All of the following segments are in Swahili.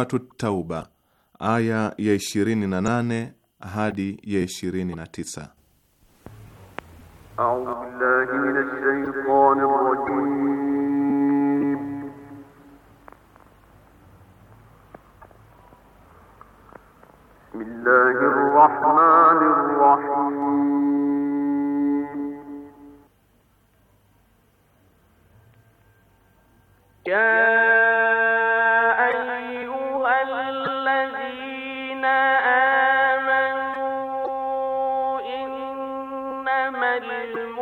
Suratut Tauba aya ya 28 hadi ya 29. آمنوا إنما المؤمنون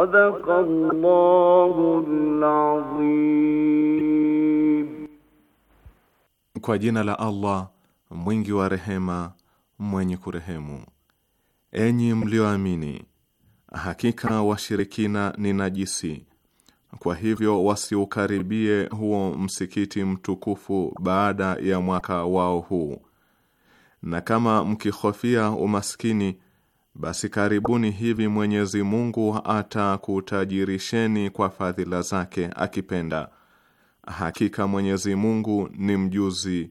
صدق الله العظيم Kwa jina la Allah mwingi wa rehema, mwenye kurehemu. Enyi mlioamini, hakika washirikina ni najisi, kwa hivyo wasiukaribie huo msikiti mtukufu baada ya mwaka wao huu. Na kama mkihofia umaskini, basi karibuni hivi Mwenyezi Mungu atakutajirisheni kwa fadhila zake akipenda. Hakika Mwenyezi Mungu ni mjuzi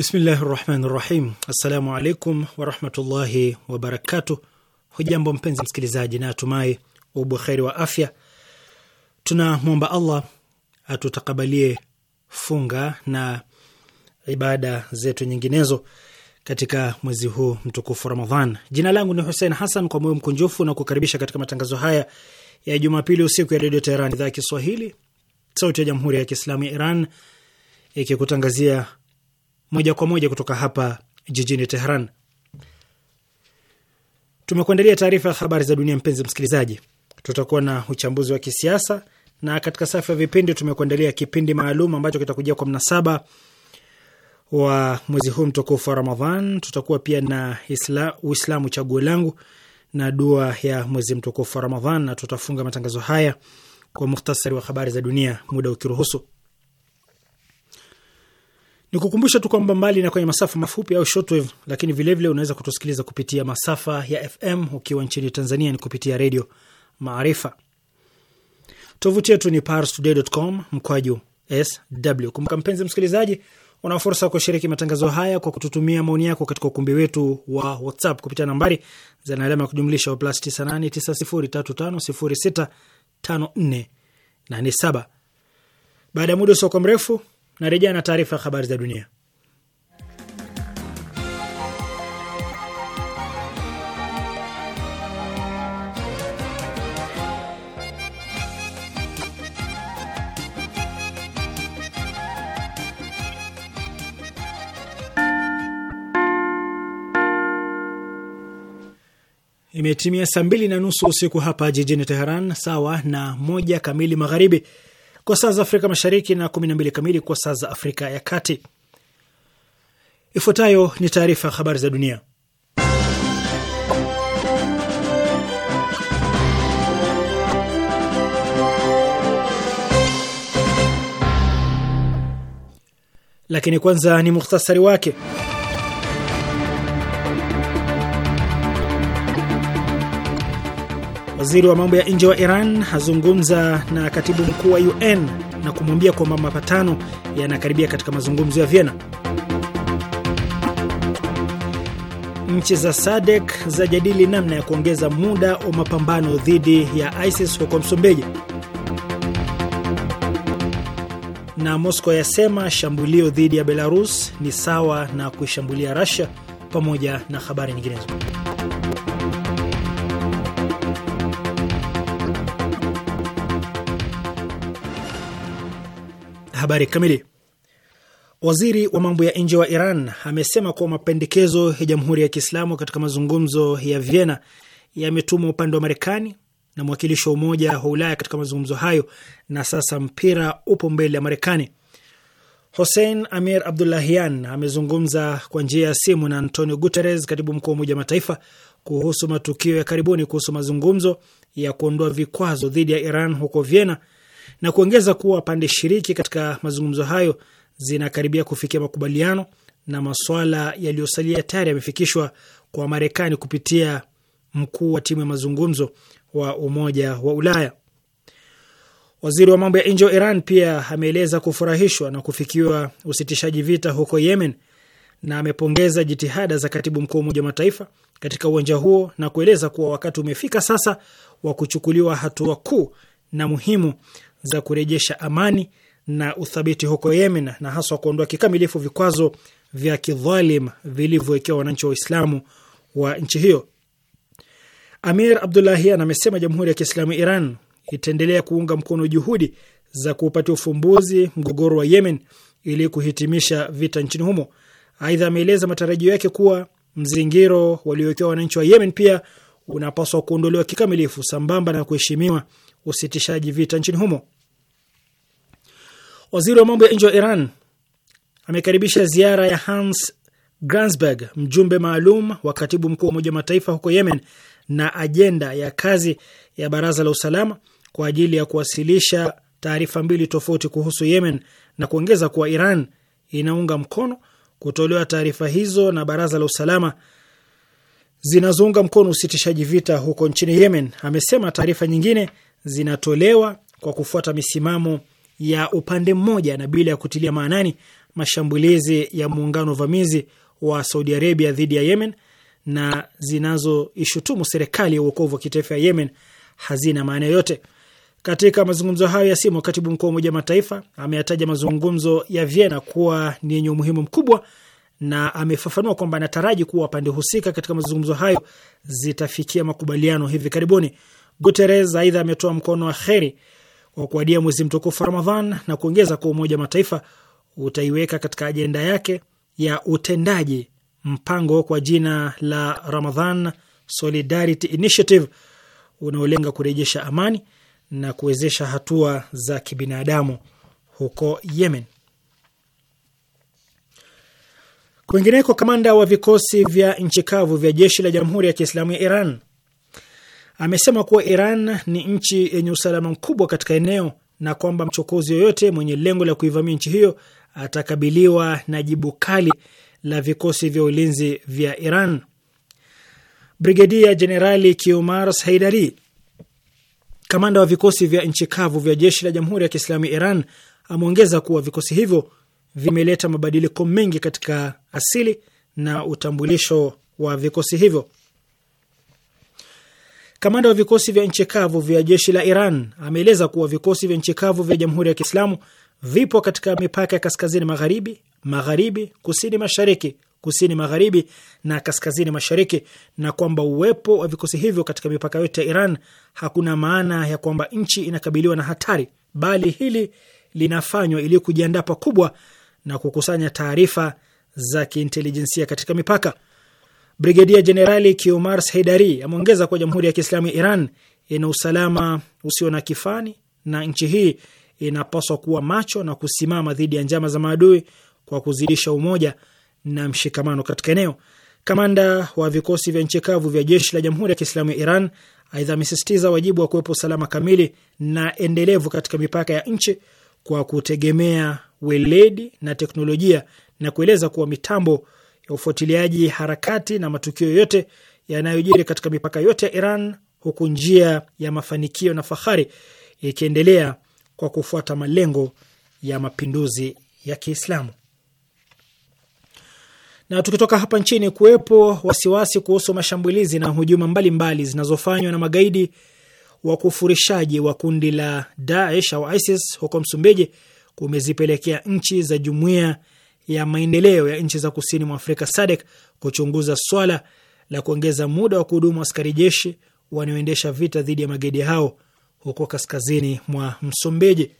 Bismillahi rahmani rahim. Assalamu alaikum warahmatullahi wabarakatu Hujambo mpenzi msikilizaji, na atumai ubuheri wa afya. Tunamwomba Allah atutakabalie funga na ibada zetu nyinginezo katika mwezi huu mtukufu Ramadhan. Jina langu ni Husein hasan kwa moyo mkunjufu na kukaribisha katika matangazo haya ya Jumapili usiku ya Redio Teheran, idhaa ya Kiswahili, sauti ya Jamhuri ya Kiislamu ya Iran, ikikutangazia moja kwa moja kutoka hapa jijini Tehran. Tumekuandalia taarifa ya habari za dunia. Mpenzi msikilizaji, tutakuwa na uchambuzi wa kisiasa, na katika safu ya vipindi tumekuandalia kipindi maalum ambacho kitakujia kwa mnasaba wa mwezi huu mtukufu wa Ramadhan. Tutakuwa pia na Isla, Uislamu chaguo langu na dua ya mwezi mtukufu wa Ramadhan, na tutafunga matangazo haya kwa muhtasari wa habari za dunia, muda ukiruhusu. Nikukumbusha tu kwamba mbali na kwenye masafa mafupi au shortwave, lakini vilevile unaweza kutusikiliza kupitia masafa ya FM ukiwa nchini Tanzania ni kupitia redio Maarifa. Tovuti yetu ni parstoday.com mkwaju sw. Kumbuka mpenzi msikilizaji, una fursa ya kushiriki matangazo haya kwa kututumia maoni yako katika ukumbi wetu wa WhatsApp kupitia nambari za alama ya kujumlisha plus 989035065487. Baada ya muda usiokuwa mrefu Narejea na taarifa ya habari za dunia. Imetimia saa mbili na nusu usiku hapa jijini Teheran, sawa na moja kamili magharibi kwa saa za Afrika Mashariki na 12 kamili kwa saa za Afrika ya Kati. Ifuatayo ni taarifa ya habari za dunia, lakini kwanza ni muhtasari wake. Waziri wa mambo ya nje wa Iran hazungumza na katibu mkuu wa UN na kumwambia kwamba mapatano yanakaribia katika mazungumzo ya Vienna. Nchi za SADC zajadili namna ya kuongeza muda wa mapambano dhidi ya ISIS huko Msumbiji. Na Moscow yasema shambulio dhidi ya Belarus ni sawa na kuishambulia Russia pamoja na habari nyinginezo. Habari kamili. Waziri wa mambo ya nje wa Iran amesema kuwa mapendekezo ya Jamhuri ya Kiislamu katika mazungumzo ya Vienna yametumwa upande wa Marekani na mwakilishi wa Umoja wa Ulaya katika mazungumzo hayo, na sasa mpira upo mbele ya Marekani. Hossein Amir Abdullahian amezungumza kwa njia ya simu na Antonio Guterres, katibu mkuu wa Umoja wa Mataifa, kuhusu matukio ya karibuni kuhusu mazungumzo ya kuondoa vikwazo dhidi ya Iran huko Vienna na kuongeza kuwa pande shiriki katika mazungumzo hayo zinakaribia kufikia makubaliano na maswala yaliyosalia tayari yamefikishwa kwa Marekani kupitia mkuu wa timu ya mazungumzo wa Umoja wa Ulaya. Waziri wa mambo ya nje wa Iran pia ameeleza kufurahishwa na kufikiwa usitishaji vita huko Yemen na amepongeza jitihada za katibu mkuu wa Umoja wa Mataifa katika uwanja huo na kueleza kuwa wakati umefika sasa wa kuchukuliwa hatua kuu na muhimu za kurejesha amani na uthabiti huko Yemen na haswa kuondoa kikamilifu vikwazo vya kidhalim vilivyowekewa wananchi wa Uislamu wa nchi hiyo. Amir Abdullahian amesema Jamhuri ya Kiislamu Iran itaendelea kuunga mkono juhudi za kuupatia ufumbuzi mgogoro wa Yemen ili kuhitimisha vita nchini humo. Aidha, ameeleza matarajio yake kuwa mzingiro waliowekewa wananchi wa Yemen pia unapaswa kuondolewa kikamilifu sambamba na kuheshimiwa usitishaji vita nchini humo. Waziri wa mambo ya nje wa Iran amekaribisha ziara ya Hans Gransberg, mjumbe maalum wa katibu mkuu wa Umoja wa Mataifa huko Yemen, na ajenda ya kazi ya Baraza la Usalama kwa ajili ya kuwasilisha taarifa mbili tofauti kuhusu Yemen na kuongeza kuwa Iran inaunga mkono kutolewa taarifa hizo na Baraza la Usalama zinazounga mkono usitishaji vita huko nchini Yemen. Amesema taarifa nyingine zinatolewa kwa kufuata misimamo ya upande mmoja na bila ya kutilia maanani mashambulizi ya muungano vamizi wa Saudi Arabia dhidi ya Yemen na zinazoishutumu serikali ya uokovu wa kitaifa ya Yemen hazina maana yoyote. Katika mazungumzo hayo ya simu, katibu mkuu wa Umoja Mataifa ameyataja mazungumzo ya Vienna kuwa ni yenye umuhimu mkubwa na amefafanua kwamba anataraji kuwa pande husika katika mazungumzo hayo zitafikia makubaliano hivi karibuni. Guterres aidha ametoa mkono wa kheri kwa kuadia mwezi mtukufu Ramadhan na kuongeza kuwa Umoja wa Mataifa utaiweka katika ajenda yake ya utendaji mpango kwa jina la Ramadhan Solidarity Initiative unaolenga kurejesha amani na kuwezesha hatua za kibinadamu huko Yemen. Kwingineko, kamanda wa vikosi vya nchi kavu vya jeshi la Jamhuri ya Kiislamu ya Iran amesema kuwa Iran ni nchi yenye usalama mkubwa katika eneo na kwamba mchokozi yoyote mwenye lengo la kuivamia nchi hiyo atakabiliwa na jibu kali la vikosi vya ulinzi vya Iran. Brigedia Jenerali Kiumar Haidari, kamanda wa vikosi vya nchi kavu vya jeshi la Jamhuri ya Kiislamu ya Iran, ameongeza kuwa vikosi hivyo vimeleta mabadiliko mengi katika asili na utambulisho wa vikosi hivyo. Kamanda wa vikosi vya nchi kavu vya jeshi la Iran ameeleza kuwa vikosi vya nchi kavu vya Jamhuri ya Kiislamu vipo katika mipaka ya kaskazini magharibi, magharibi, kusini mashariki, kusini magharibi na kaskazini mashariki, na kwamba uwepo wa vikosi hivyo katika mipaka yote ya Iran hakuna maana ya kwamba nchi inakabiliwa na hatari, bali hili linafanywa ili kujiandaa pakubwa na kukusanya taarifa za kiintelijensia katika mipaka. Brigedia Jenerali Kiomars Heidari ameongeza kuwa Jamhuri ya Kiislamu ya Iran ina usalama usio na kifani na nchi hii inapaswa kuwa macho na kusimama dhidi ya njama za maadui kwa kuzidisha umoja na mshikamano katika eneo. Kamanda wa vikosi vya nchi kavu vya jeshi la Jamhuri ya Kiislamu ya Iran aidha amesisitiza wajibu wa kuwepo usalama kamili na endelevu katika mipaka ya nchi kwa kutegemea weledi na teknolojia na kueleza kuwa mitambo ya ufuatiliaji harakati na matukio yote yanayojiri katika mipaka yote ya Iran, huku njia ya mafanikio na fahari ikiendelea kwa kufuata malengo ya mapinduzi ya Kiislamu. Na tukitoka hapa nchini, kuwepo wasiwasi kuhusu mashambulizi na hujuma mbalimbali zinazofanywa na magaidi wa kufurishaji wa kundi la Daesh au ISIS huko Msumbiji kumezipelekea nchi za jumuiya ya maendeleo ya nchi za kusini mwa Afrika SADC kuchunguza swala la kuongeza muda wa kuhudumu askari jeshi wanaoendesha vita dhidi ya magedi hao huko kaskazini mwa Msumbiji.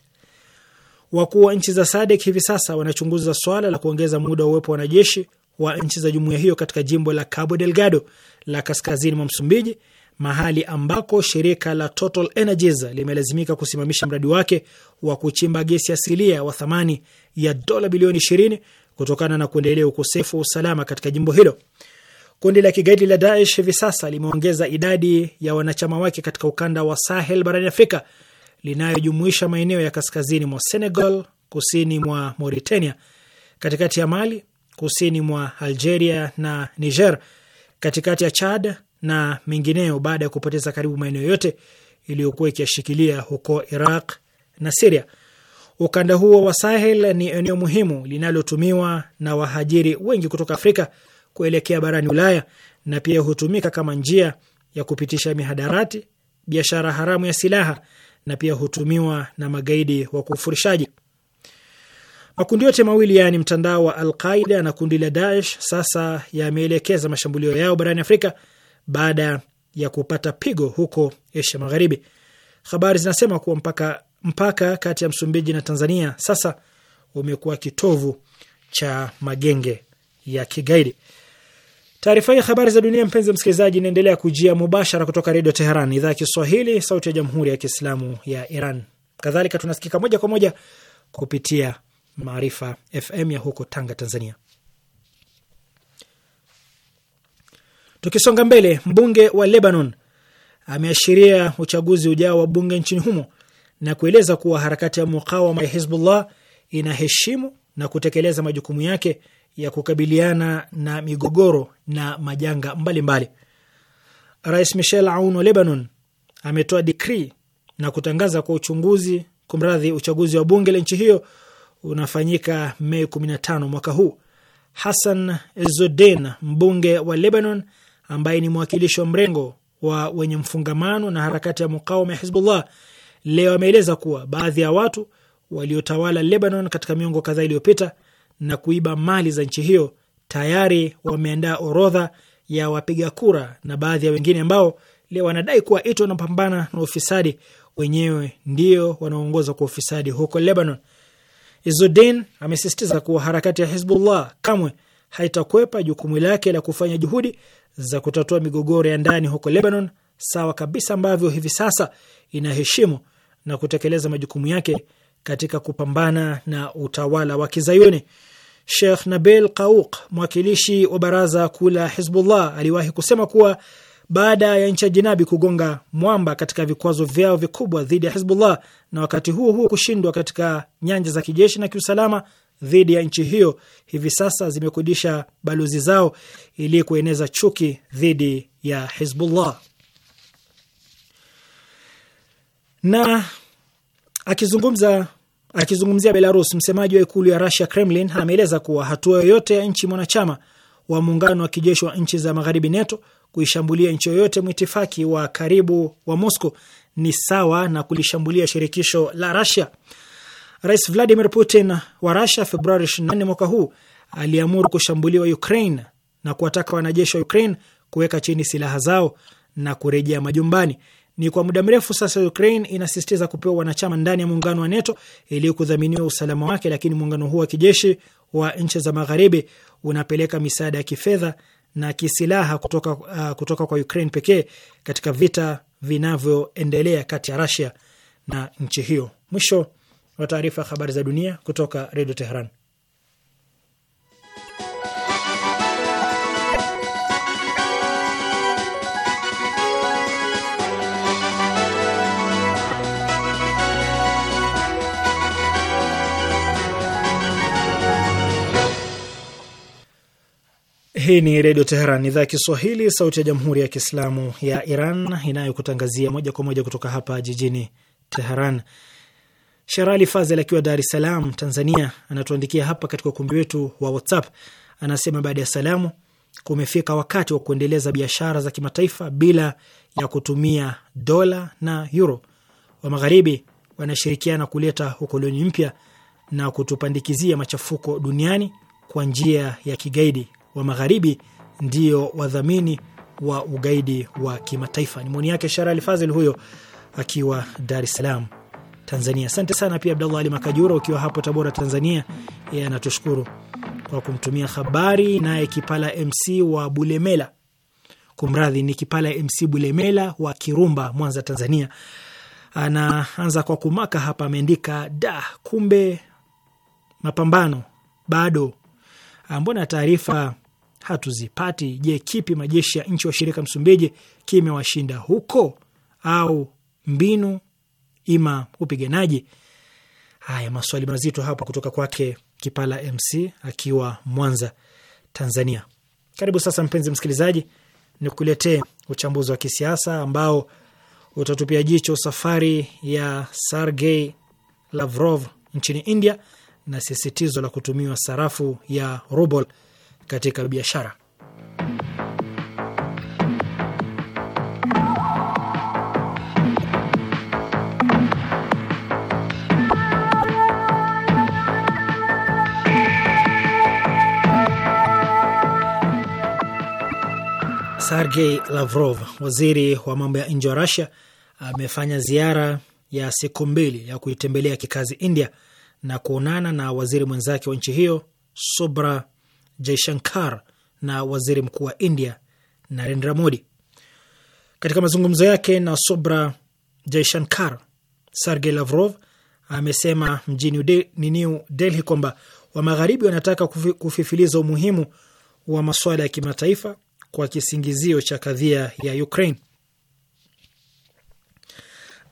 Wakuu wa nchi za SADC hivi sasa wanachunguza swala la kuongeza muda wa uwepo wa wanajeshi wa nchi za jumuiya hiyo katika jimbo la Cabo Delgado la kaskazini mwa Msumbiji mahali ambako shirika la Total Energies limelazimika kusimamisha mradi wake wa kuchimba gesi asilia wa thamani ya dola bilioni 20 kutokana na kuendelea ukosefu wa usalama katika jimbo hilo. Kundi la kigaidi la Daesh hivi sasa limeongeza idadi ya wanachama wake katika ukanda wa Sahel barani Afrika, linayojumuisha maeneo ya kaskazini mwa Senegal, kusini mwa Mauritania, katikati ya Mali, kusini mwa Algeria na Niger, katikati ya Chad na mengineyo baada ya kupoteza karibu maeneo yote iliyokuwa ikiyashikilia huko Iraq na Siria. Ukanda huo wa Sahel ni eneo muhimu linalotumiwa na wahajiri wengi kutoka Afrika kuelekea barani Ulaya na pia hutumika kama njia ya kupitisha mihadarati, biashara haramu ya silaha na pia hutumiwa na magaidi wa kufurishaji. Makundi yote mawili yaani mtandao wa Alqaida na kundi la Daesh sasa yameelekeza mashambulio yao barani Afrika baada ya kupata pigo huko Asia Magharibi. Habari zinasema kuwa mpaka, mpaka kati ya Msumbiji na Tanzania sasa umekuwa kitovu cha magenge ya kigaidi. Taarifa hii ya habari za dunia, mpenzi msikilizaji, inaendelea kujia mubashara kutoka Redio Teheran, idhaa ya Kiswahili, sauti ya Jamhuri ya Kiislamu ya Iran. Kadhalika tunasikika moja kwa moja kupitia Maarifa FM ya huko Tanga, Tanzania. Tukisonga mbele, mbunge wa Lebanon ameashiria uchaguzi ujao wa bunge nchini humo na kueleza kuwa harakati ya mukawama ya Hizbullah inaheshimu na kutekeleza majukumu yake ya kukabiliana na migogoro na majanga mbalimbali. Rais Michel Aoun wa Lebanon ametoa dikri na kutangaza kwa uchunguzi kumradhi, uchaguzi wa bunge la nchi hiyo unafanyika Mei 15 mwaka huu. Hassan Ezzodin, mbunge wa Lebanon, ambaye ni mwakilishi wa mrengo wa wenye mfungamano na harakati ya mukawama ya Hizbullah leo ameeleza kuwa baadhi ya watu waliotawala Lebanon katika miongo kadhaa iliyopita na kuiba mali za nchi hiyo tayari wameandaa orodha ya wapiga kura na baadhi ya wengine ambao leo wanadai kuwa ito wanapambana na ufisadi, wenyewe ndio wanaoongoza kwa ufisadi huko Lebanon. Izudin amesisitiza kuwa harakati ya Hizbullah kamwe haitakwepa jukumu lake la kufanya juhudi za kutatua migogoro ya ndani huko Lebanon, sawa kabisa ambavyo hivi sasa inaheshimu na kutekeleza majukumu yake katika kupambana na utawala wa Kizayuni. Sheikh Nabil Qauq, mwakilishi wa baraza kuu la Hizbullah, aliwahi kusema kuwa baada ya nchi ya jinabi kugonga mwamba katika vikwazo vyao vikubwa dhidi ya Hizbullah na wakati huo huo kushindwa katika nyanja za kijeshi na kiusalama, dhidi ya nchi hiyo hivi sasa zimekodisha balozi zao ili kueneza chuki dhidi ya Hizbullah. Na akizungumza akizungumzia Belarus, msemaji wa ikulu ya Russia, Kremlin, ameeleza kuwa hatua yoyote ya nchi mwanachama wa muungano wa kijeshi wa nchi za magharibi NATO kuishambulia nchi yoyote mwitifaki wa karibu wa Moscow ni sawa na kulishambulia shirikisho la Russia. Rais Vladimir Putin wa rusia Februari 24 mwaka huu aliamuru kushambuliwa Ukraine na kuwataka wanajeshi wa Ukraine kuweka chini silaha zao na kurejea majumbani. Ni kwa muda mrefu sasa Ukraine inasisitiza kupewa wanachama ndani ya muungano wa NATO ili kudhaminiwa usalama wake, lakini muungano huo wa kijeshi wa nchi za magharibi unapeleka misaada ya kifedha na kisilaha kutoka, uh, kutoka kwa Ukraine pekee katika vita vinavyoendelea kati ya Russia na nchi hiyo. Mwisho wa taarifa ya habari za dunia kutoka Redio Teheran. Hii ni Redio Teheran, idhaa ya Kiswahili, sauti ya Jamhuri ya Kiislamu ya Iran, inayokutangazia moja kwa moja kutoka hapa jijini Teheran. Sherali Fazel akiwa Dar es Salaam, Tanzania, anatuandikia hapa katika ukumbi wetu wa WhatsApp. Anasema baada ya salamu, kumefika wakati wa kuendeleza biashara za kimataifa bila ya kutumia dola na euro. Wa magharibi wanashirikiana kuleta ukoloni mpya na kutupandikizia machafuko duniani kwa njia ya kigaidi. Wa magharibi ndio wadhamini wa ugaidi wa kimataifa. Ni maoni yake Sherali Fazel huyo akiwa Dar es Salaam. Tanzania. Asante sana pia Abdallah Ali Makajura, ukiwa hapo Tabora, Tanzania, yeye anatushukuru kwa kumtumia habari. Naye Kipala MC wa Bulemela, kumradhi, ni Kipala MC Bulemela wa Kirumba, Mwanza, Tanzania, anaanza kwa kumaka hapa, ameandika da, kumbe mapambano bado, ah, mbona taarifa hatuzipati? Je, kipi majeshi ya nchi washirika Msumbiji kimewashinda huko, au mbinu ima upiganaji. Haya, maswali mazito hapa kutoka kwake Kipala MC akiwa Mwanza, Tanzania. Karibu sasa, mpenzi msikilizaji, nikuletee uchambuzi wa kisiasa ambao utatupia jicho safari ya Sergey Lavrov nchini India na sisitizo la kutumiwa sarafu ya ruble katika biashara. Sergei Lavrov, waziri wa mambo ya nje wa rasia amefanya ziara ya siku mbili ya kuitembelea kikazi India na kuonana na waziri mwenzake wa nchi hiyo Subra Jaishankar na waziri mkuu wa India Narendra Modi. Katika mazungumzo yake na Subra Jaishankar, Sergei Lavrov amesema mjini New Delhi kwamba Wamagharibi wanataka kufifiliza umuhimu wa masuala ya kimataifa kwa kisingizio cha kadhia ya Ukraine.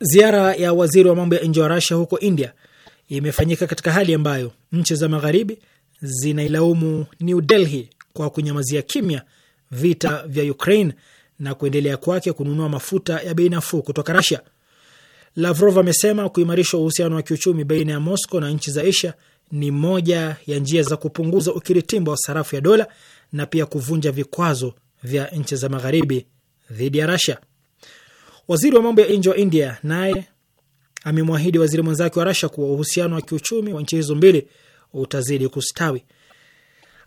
Ziara ya waziri wa mambo ya nje wa Rasia huko India imefanyika katika hali ambayo nchi za magharibi zinailaumu New Delhi kwa kunyamazia kimya vita vya Ukraine na kuendelea kwake kununua mafuta ya bei nafuu kutoka Rasia. Lavrov amesema kuimarishwa uhusiano wa kiuchumi baina ya Mosco na nchi za Asia ni moja ya njia za kupunguza ukiritimba wa sarafu ya dola na pia kuvunja vikwazo vya nchi za magharibi dhidi ya Rasia. Waziri wa mambo ya nje wa India naye amemwahidi waziri mwenzake wa Rasia kuwa uhusiano wa kiuchumi wa nchi hizo mbili utazidi kustawi.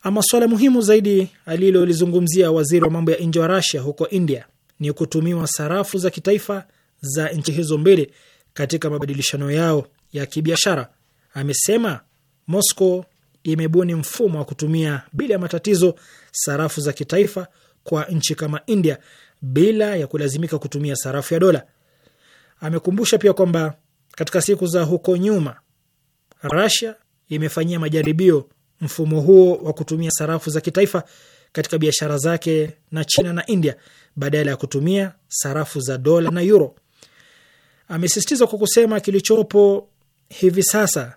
Ama swala muhimu zaidi alilolizungumzia waziri wa mambo ya nje wa Rasia huko India ni kutumiwa sarafu za kitaifa za nchi hizo mbili katika mabadilishano yao ya kibiashara. Amesema Moscow imebuni mfumo wa kutumia bila ya matatizo sarafu za kitaifa kwa nchi kama India bila ya kulazimika kutumia sarafu ya dola. Amekumbusha pia kwamba katika siku za huko nyuma Russia imefanyia majaribio mfumo huo wa kutumia sarafu za kitaifa katika biashara zake na China na India badala ya kutumia sarafu za dola na euro. Amesisitiza kwa kusema kilichopo hivi sasa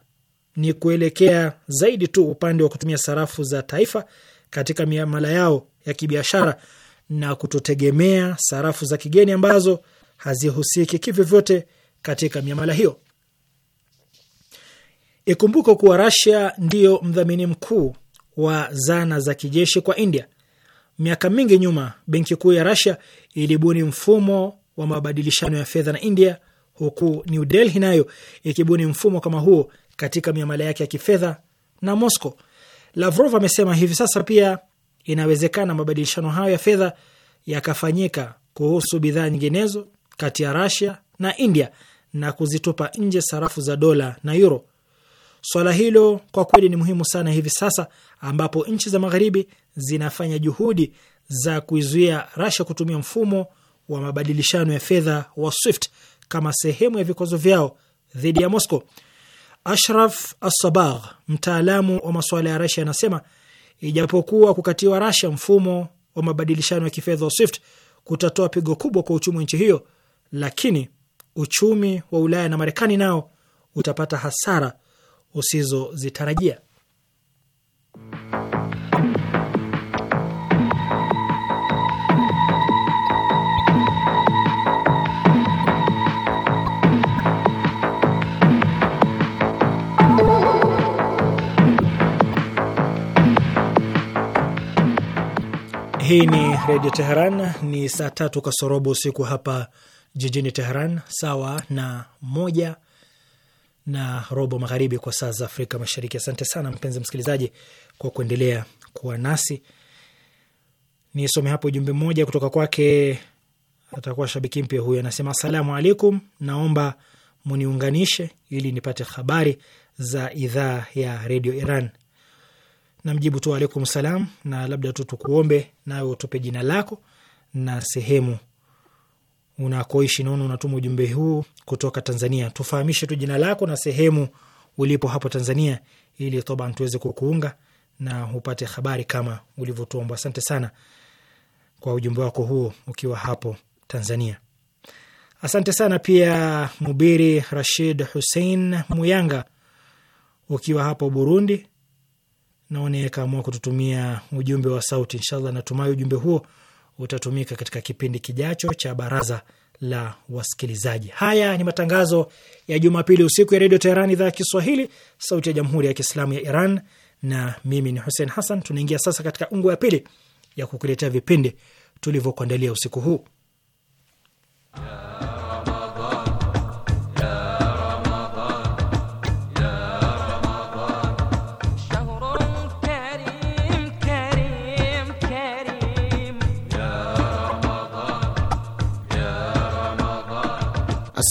ni kuelekea zaidi tu upande wa kutumia sarafu za taifa katika miamala yao ya kibiashara na kutotegemea sarafu za kigeni ambazo hazihusiki kivyovyote katika miamala hiyo. Ikumbuko kuwa Rasia ndiyo mdhamini mkuu wa zana za kijeshi kwa India. Miaka mingi nyuma, benki kuu ya Rasia ilibuni mfumo wa mabadilishano ya fedha na India, huku New Delhi nayo ikibuni mfumo kama huo katika miamala yake ya kifedha na Moscow. Lavrov amesema hivi sasa pia inawezekana mabadilishano hayo ya fedha yakafanyika kuhusu bidhaa nyinginezo kati ya Russia na India na kuzitupa nje sarafu za dola na euro. Swala hilo kwa kweli ni muhimu sana hivi sasa ambapo nchi za magharibi zinafanya juhudi za kuizuia Russia kutumia mfumo wa mabadilishano ya fedha wa Swift kama sehemu ya vikwazo vyao dhidi ya Moscow. Ashraf Assabagh, mtaalamu wa masuala ya Russia, anasema Ijapokuwa kukatiwa Rasha mfumo wa mabadilishano ya kifedha wa SWIFT kutatoa pigo kubwa kwa uchumi wa nchi hiyo, lakini uchumi wa Ulaya na Marekani nao utapata hasara usizozitarajia. Hii ni Redio Teheran. Ni saa tatu kasorobo usiku hapa jijini Teheran, sawa na moja na robo magharibi kwa saa za Afrika Mashariki. Asante sana mpenzi msikilizaji kwa kuendelea kuwa nasi. Nisome hapo ujumbe mmoja kutoka kwake, atakuwa shabiki mpya huyo, anasema asalamu alaikum, naomba muniunganishe ili nipate habari za idhaa ya Redio Iran namjibu tu alaikum salam, na labda tu tukuombe nawe utupe jina lako na sehemu unakoishi. Naona unatuma ujumbe huu kutoka Tanzania. Tufahamishe tu jina lako na sehemu ulipo hapo Tanzania, ili toba tuweze kukuunga na upate habari kama ulivyotuomba. Asante sana kwa ujumbe wako huo ukiwa hapo Tanzania. Asante sana pia Mubiri Rashid Hussein Muyanga ukiwa hapo Burundi naone kaamua kututumia ujumbe wa sauti. Inshallah, natumai ujumbe huo utatumika katika kipindi kijacho cha baraza la wasikilizaji. Haya ni matangazo ya Jumapili usiku ya Redio Teheran, idhaa ya Kiswahili, sauti ya jamhuri ya kiislamu ya Iran, na mimi ni Hussein Hassan. Tunaingia sasa katika ungo ya pili ya kukuletea vipindi tulivyokuandalia usiku huu.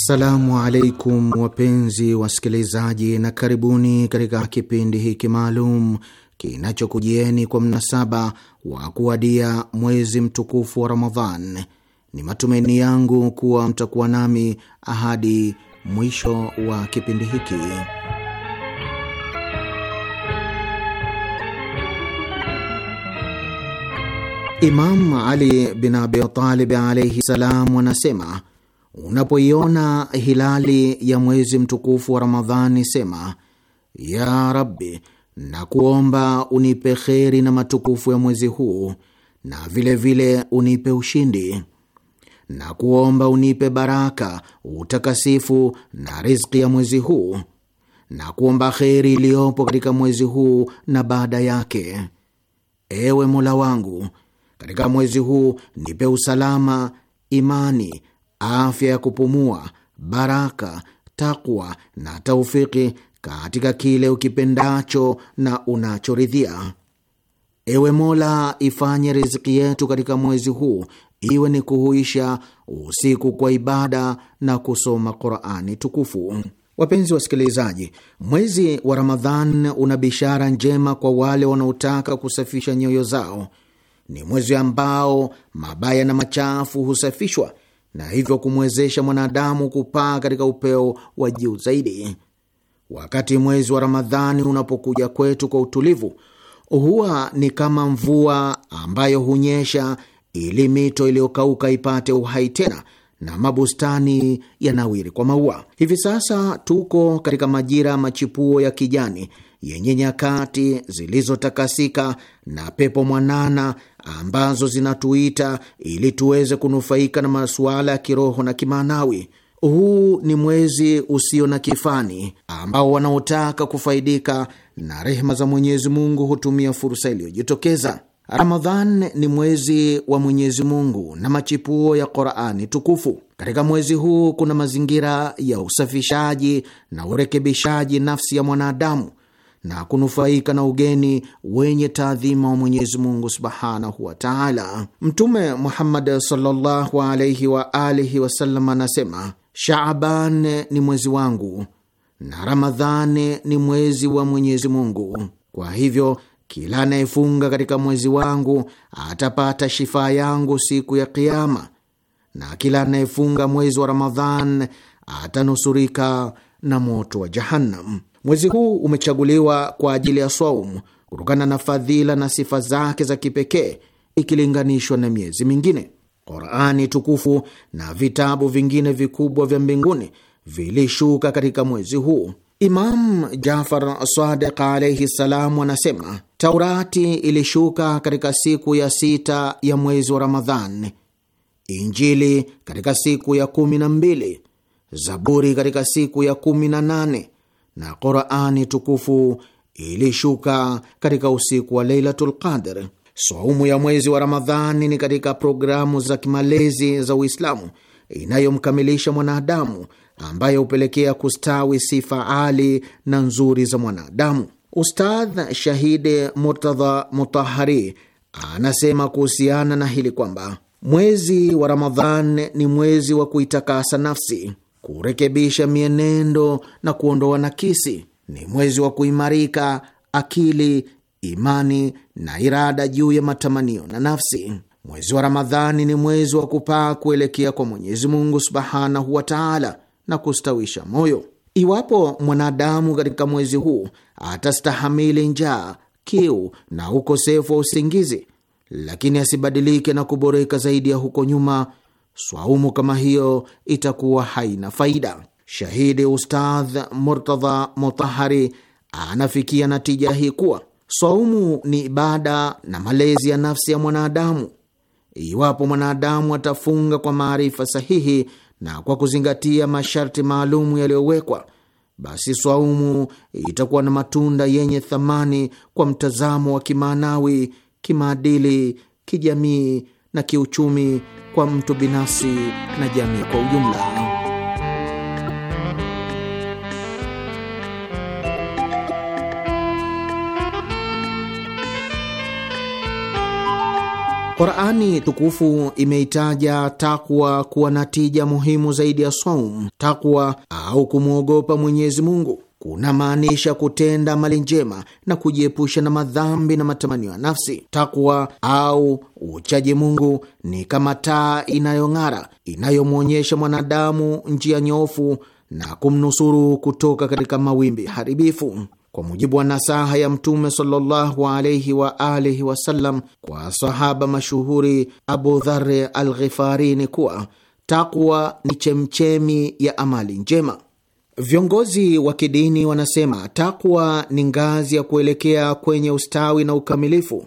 Assalamu alaikum wapenzi wasikilizaji, na karibuni katika kipindi hiki maalum kinachokujieni kwa mnasaba wa kuwadia mwezi mtukufu wa Ramadhan. Ni matumaini yangu kuwa mtakuwa nami ahadi mwisho wa kipindi hiki. Imam Ali bin Abi Talib alaihi salam anasema Unapoiona hilali ya mwezi mtukufu wa Ramadhani, sema ya Rabbi, nakuomba unipe kheri na matukufu ya mwezi huu na vilevile vile unipe ushindi na kuomba unipe baraka, utakasifu na riziki ya mwezi huu, na kuomba kheri iliyopo katika mwezi huu na baada yake. Ewe Mola wangu, katika mwezi huu nipe usalama, imani afya ya kupumua, baraka, takwa na taufiki katika kile ukipendacho na unachoridhia. Ewe Mola, ifanye riziki yetu katika mwezi huu iwe ni kuhuisha usiku kwa ibada na kusoma Qurani tukufu. Wapenzi wasikilizaji, mwezi wa Ramadhan una bishara njema kwa wale wanaotaka kusafisha nyoyo zao. Ni mwezi ambao mabaya na machafu husafishwa na hivyo kumwezesha mwanadamu kupaa katika upeo wa juu zaidi. Wakati mwezi wa Ramadhani unapokuja kwetu kwa utulivu, huwa ni kama mvua ambayo hunyesha ili mito iliyokauka ipate uhai tena na mabustani yanawiri kwa maua. Hivi sasa tuko katika majira ya machipuo ya kijani yenye nyakati zilizotakasika na pepo mwanana ambazo zinatuita ili tuweze kunufaika na masuala ya kiroho na kimaanawi. Huu ni mwezi usio na kifani ambao wanaotaka kufaidika na rehema za Mwenyezi Mungu hutumia fursa iliyojitokeza. Ramadhan ni mwezi wa Mwenyezi Mungu na machipuo ya Qorani tukufu. Katika mwezi huu kuna mazingira ya usafishaji na urekebishaji nafsi ya mwanadamu na kunufaika na ugeni wenye taadhima wa Mwenyezi Mungu subhanahu wa taala. Mtume Muhammad sallallahu alaihi wa alihi wasallam anasema, Shaaban ni mwezi wangu na Ramadhani ni mwezi wa Mwenyezi Mungu, kwa hivyo kila anayefunga katika mwezi wangu atapata shifaa yangu siku ya Kiama, na kila anayefunga mwezi wa Ramadhan atanusurika na moto wa Jahannam. Mwezi huu umechaguliwa kwa ajili ya swaum kutokana na fadhila na sifa zake za kipekee ikilinganishwa na miezi mingine. Qurani tukufu na vitabu vingine vikubwa vya mbinguni vilishuka katika mwezi huu. Imam Jafar Sadiq alaihi salam anasema Taurati ilishuka katika siku ya sita ya mwezi wa Ramadhan, Injili katika siku ya kumi na mbili, Zaburi katika siku ya kumi na nane na Qurani tukufu ilishuka katika usiku wa Leilatul Qadr. Saumu ya mwezi wa Ramadhani ni katika programu za kimalezi za Uislamu inayomkamilisha mwanadamu ambayo hupelekea kustawi sifa ali na nzuri za mwanadamu. Ustadh Shahidi Murtadha Mutahari anasema kuhusiana na hili kwamba mwezi wa Ramadhan ni mwezi wa kuitakasa nafsi, kurekebisha mienendo na kuondoa nakisi. Ni mwezi wa kuimarika akili, imani na irada juu ya matamanio na nafsi. Mwezi wa Ramadhani ni mwezi wa kupaa kuelekea kwa Mwenyezi Mungu subhanahu wa taala na kustawisha moyo. Iwapo mwanadamu katika mwezi huu atastahamili njaa, kiu na ukosefu wa usingizi, lakini asibadilike na kuboreka zaidi ya huko nyuma, swaumu kama hiyo itakuwa haina faida. Shahidi Ustadh Murtadha Mutahari anafikia natija hii kuwa swaumu ni ibada na malezi ya nafsi ya mwanadamu. Iwapo mwanadamu atafunga kwa maarifa sahihi na kwa kuzingatia masharti maalumu yaliyowekwa, basi swaumu itakuwa na matunda yenye thamani kwa mtazamo wa kimaanawi, kimaadili, kijamii na kiuchumi kwa mtu binafsi na jamii kwa ujumla. Qurani tukufu imeitaja takwa kuwa na tija muhimu zaidi ya saum. Takwa au kumwogopa Mwenyezi Mungu kunamaanisha kutenda mali njema na kujiepusha na madhambi na matamanio ya nafsi. Takwa au uchaji Mungu ni kama taa inayong'ara inayomwonyesha mwanadamu njia nyofu na kumnusuru kutoka katika mawimbi haribifu. Kwa mujibu wa nasaha ya Mtume sallallahu alaihi wa alihi wasallam kwa sahaba mashuhuri Abu Dharre al Ghifari ni kuwa takwa ni chemchemi ya amali njema. Viongozi wa kidini wanasema takwa ni ngazi ya kuelekea kwenye ustawi na ukamilifu,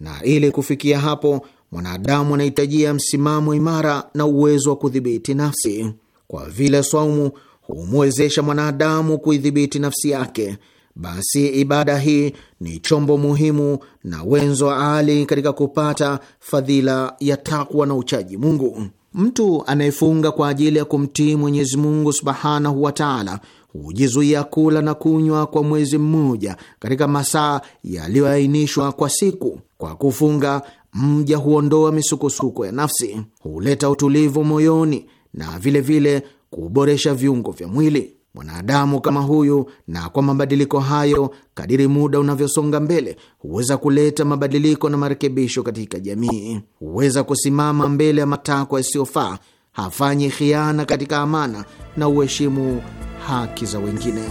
na ili kufikia hapo mwanadamu anahitajia msimamo imara na uwezo wa kudhibiti nafsi, kwa vile swaumu humwezesha mwanadamu kuidhibiti nafsi yake basi ibada hii ni chombo muhimu na wenzo wa ali katika kupata fadhila ya takwa na uchaji Mungu. Mtu anayefunga kwa ajili ya kumtii Mwenyezi Mungu subhanahu wa taala hujizuia kula na kunywa kwa mwezi mmoja katika masaa yaliyoainishwa kwa siku. Kwa kufunga, mja huondoa misukosuko ya nafsi, huleta utulivu moyoni na vilevile vile kuboresha viungo vya mwili. Mwanadamu kama huyu na kwa mabadiliko hayo, kadiri muda unavyosonga mbele, huweza kuleta mabadiliko na marekebisho katika jamii, huweza kusimama mbele ya matakwa yasiyofaa, hafanyi khiana katika amana na uheshimu haki za wengine.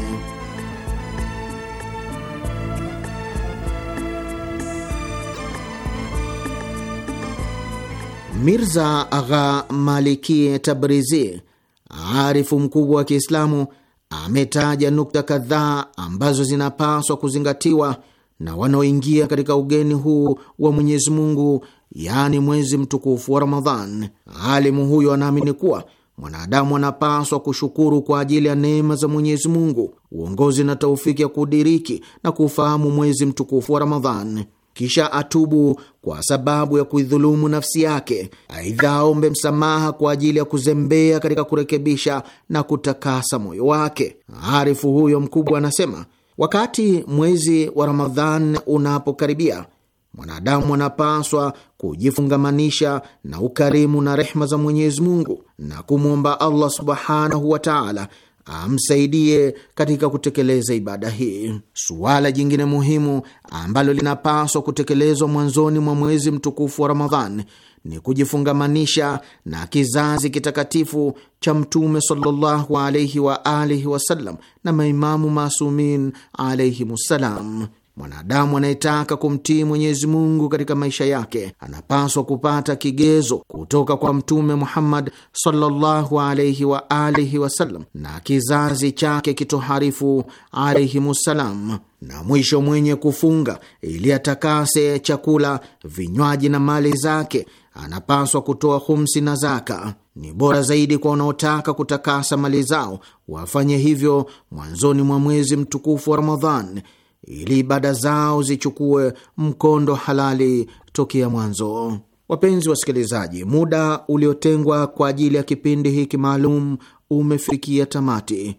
Mirza Agha Maliki Tabrizi, arifu mkubwa wa Kiislamu, ametaja nukta kadhaa ambazo zinapaswa kuzingatiwa na wanaoingia katika ugeni huu wa Mwenyezi Mungu, yaani mwezi mtukufu wa Ramadhan. Alimu huyo anaamini kuwa mwanadamu anapaswa kushukuru kwa ajili ya neema za Mwenyezi Mungu, uongozi na taufiki ya kudiriki na kuufahamu mwezi mtukufu wa Ramadhan kisha atubu kwa sababu ya kuidhulumu nafsi yake. Aidha, aombe msamaha kwa ajili ya kuzembea katika kurekebisha na kutakasa moyo wake. Arifu huyo mkubwa anasema, wakati mwezi wa Ramadhan unapokaribia mwanadamu anapaswa kujifungamanisha na ukarimu na rehma za Mwenyezi Mungu na kumwomba Allah subhanahu wa taala amsaidie katika kutekeleza ibada hii. Suala jingine muhimu ambalo linapaswa kutekelezwa mwanzoni mwa mwezi mtukufu wa Ramadhan ni kujifungamanisha na kizazi kitakatifu cha Mtume sallallahu alaihi wa alihi wasallam na maimamu masumin alaihimussalam. Mwanadamu anayetaka kumtii Mwenyezi Mungu katika maisha yake anapaswa kupata kigezo kutoka kwa Mtume Muhammad sallallahu alaihi wa alihi wasallam na kizazi chake kitoharifu alaihimussalam. Na mwisho, mwenye kufunga ili atakase chakula, vinywaji na mali zake anapaswa kutoa humsi na zaka. Ni bora zaidi kwa wanaotaka kutakasa mali zao wafanye hivyo mwanzoni mwa mwezi mtukufu wa Ramadhan ili ibada zao zichukue mkondo halali tokea mwanzo. Wapenzi wasikilizaji, muda uliotengwa kwa ajili ya kipindi hiki maalum umefikia tamati.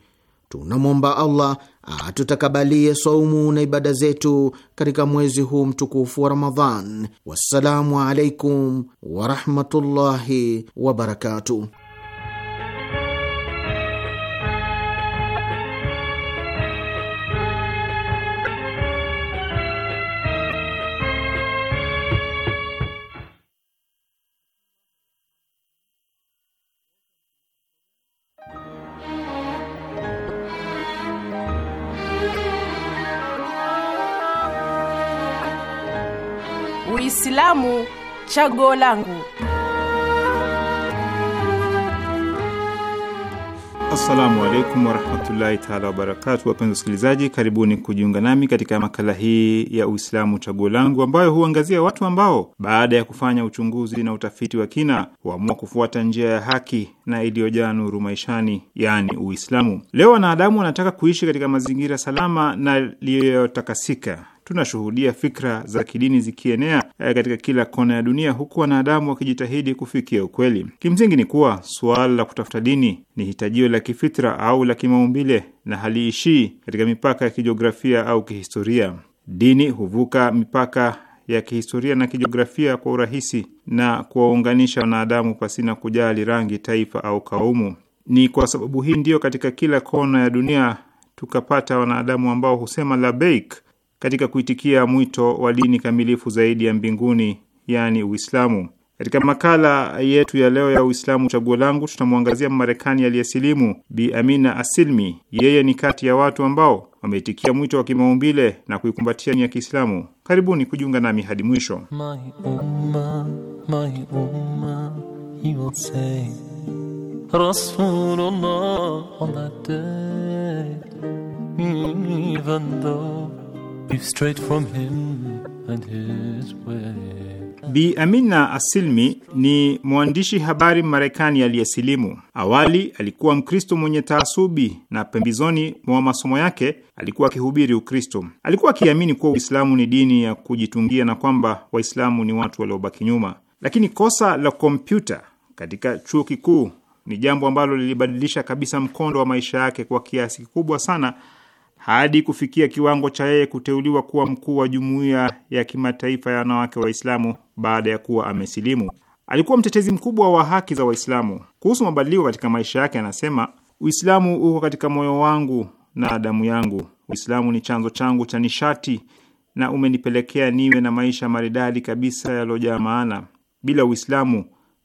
Tunamwomba Allah atutakabalie saumu na ibada zetu katika mwezi huu mtukufu wa Ramadhan. Wassalamu alaikum warahmatullahi wabarakatuh. Uislamu chaguo langu. Assalamu alaikum warahmatullahi taala wabarakatu. Wapenzi wasikilizaji, karibuni kujiunga nami katika makala hii ya Uislamu chaguo langu, ambayo huangazia watu ambao baada ya kufanya uchunguzi na utafiti wa kina huamua kufuata njia ya haki na iliyojaa nuru maishani, yaani Uislamu. Leo wanadamu wanataka kuishi katika mazingira salama na liyotakasika tunashuhudia fikra za kidini zikienea eh, katika kila kona ya dunia, huku wanadamu wakijitahidi kufikia ukweli. Kimsingi ni kuwa suala la kutafuta dini ni hitajio la kifitra au la kimaumbile na haliishii katika mipaka ya kijiografia au kihistoria. Dini huvuka mipaka ya kihistoria na kijiografia kwa urahisi na kuwaunganisha wanadamu pasina kujali rangi, taifa au kaumu. Ni kwa sababu hii ndiyo katika kila kona ya dunia tukapata wanadamu ambao husema labeik katika kuitikia mwito wa dini kamilifu zaidi ya mbinguni, yaani Uislamu. Katika makala yetu ya leo ya Uislamu chaguo langu, tutamwangazia marekani aliyesilimu Bi Amina Asilmi. Yeye ni kati ya watu ambao wameitikia mwito wa kimaumbile na kuikumbatia dini ya Kiislamu. Karibuni kujiunga nami hadi mwisho. Beef Bi Amina Asilmi ni mwandishi habari Marekani aliyesilimu. Awali alikuwa Mkristo mwenye taasubi na pembezoni mwa masomo yake alikuwa akihubiri Ukristo. Alikuwa akiamini kuwa Uislamu ni dini ya kujitungia na kwamba Waislamu ni watu waliobaki nyuma, lakini kosa la kompyuta katika chuo kikuu ni jambo ambalo lilibadilisha kabisa mkondo wa maisha yake kwa kiasi kikubwa sana hadi kufikia kiwango cha yeye kuteuliwa kuwa mkuu wa jumuiya ya kimataifa ya wanawake Waislamu baada ya kuwa amesilimu. Alikuwa mtetezi mkubwa wa haki za Waislamu. Kuhusu mabadiliko katika maisha yake, anasema Uislamu uko katika moyo wangu na damu yangu. Uislamu ni chanzo changu cha nishati na umenipelekea niwe na maisha maridadi kabisa yaliyojaa maana. Bila Uislamu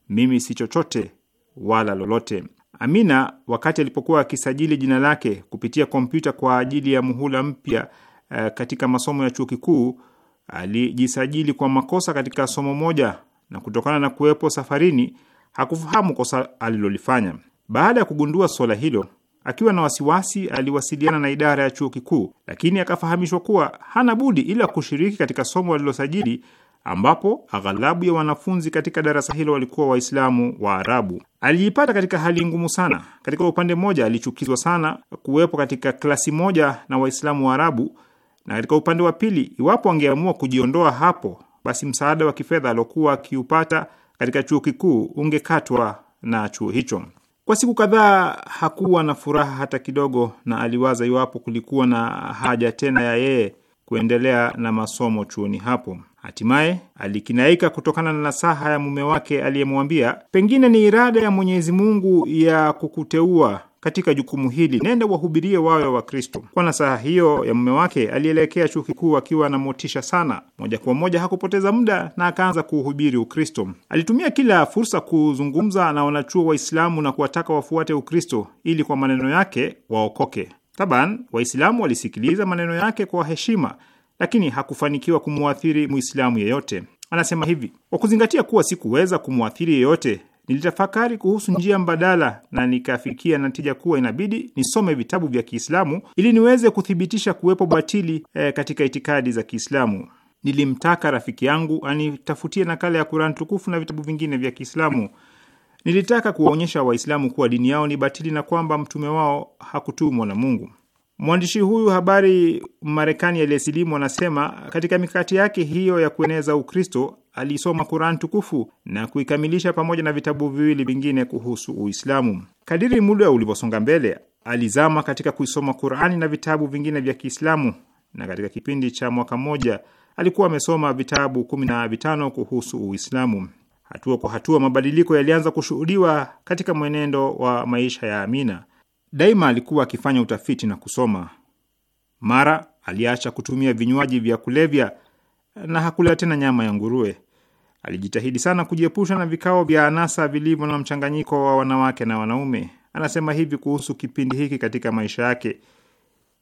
mimi si chochote wala lolote. Amina, wakati alipokuwa akisajili jina lake kupitia kompyuta kwa ajili ya muhula mpya uh, katika masomo ya chuo kikuu, alijisajili kwa makosa katika somo moja, na kutokana na kuwepo safarini hakufahamu kosa alilolifanya. Baada ya kugundua suala hilo, akiwa na wasiwasi, aliwasiliana na idara ya chuo kikuu, lakini akafahamishwa kuwa hana budi ila kushiriki katika somo alilosajili ambapo aghalabu ya wanafunzi katika darasa hilo walikuwa Waislamu wa arabu Aliipata katika hali ngumu sana. Katika upande mmoja, alichukizwa sana kuwepo katika klasi moja na Waislamu wa arabu na katika upande wa pili, iwapo angeamua kujiondoa hapo, basi msaada wa kifedha aliokuwa akiupata katika chuo kikuu ungekatwa na chuo hicho. Kwa siku kadhaa hakuwa na furaha hata kidogo, na aliwaza iwapo kulikuwa na haja tena ya yeye kuendelea na masomo chuoni hapo. Hatimaye alikinaika kutokana na nasaha ya mume wake aliyemwambia, pengine ni irada ya Mwenyezi Mungu ya kukuteua katika jukumu hili, nenda wahubirie wawe Wakristo. Kwa nasaha hiyo ya mume wake, alielekea chuo kikuu akiwa na motisha sana. Moja kwa moja hakupoteza muda na akaanza kuuhubiri Ukristo. Alitumia kila fursa kuzungumza na wanachuo Waislamu na kuwataka wafuate Ukristo ili kwa maneno yake waokoke. Taban Waislamu walisikiliza maneno yake kwa heshima lakini hakufanikiwa kumwathiri Muislamu yeyote. Anasema hivi: kwa kuzingatia kuwa sikuweza kumwathiri yeyote, nilitafakari kuhusu njia mbadala na nikafikia natija kuwa inabidi nisome vitabu vya Kiislamu ili niweze kuthibitisha kuwepo batili e, katika itikadi za Kiislamu. Nilimtaka rafiki yangu anitafutie nakala ya Kurani tukufu na vitabu vingine vya Kiislamu. Nilitaka kuwaonyesha Waislamu kuwa dini yao ni batili na kwamba mtume wao hakutumwa na Mungu. Mwandishi huyu habari Marekani aliyesilimu anasema katika mikakati yake hiyo ya kueneza Ukristo aliisoma Quran tukufu na kuikamilisha pamoja na vitabu viwili vingine kuhusu Uislamu. Kadiri muda ulivyosonga mbele, alizama katika kuisoma Qurani na vitabu vingine vya Kiislamu, na katika kipindi cha mwaka mmoja alikuwa amesoma vitabu kumi na vitano kuhusu Uislamu. Hatua kwa hatua, mabadiliko yalianza kushuhudiwa katika mwenendo wa maisha ya Amina. Daima alikuwa akifanya utafiti na kusoma. Mara aliacha kutumia vinywaji vya kulevya na hakula tena nyama ya nguruwe. Alijitahidi sana kujiepusha na vikao vya anasa vilivyo na mchanganyiko wa wanawake na wanaume. Anasema hivi kuhusu kipindi hiki katika maisha yake: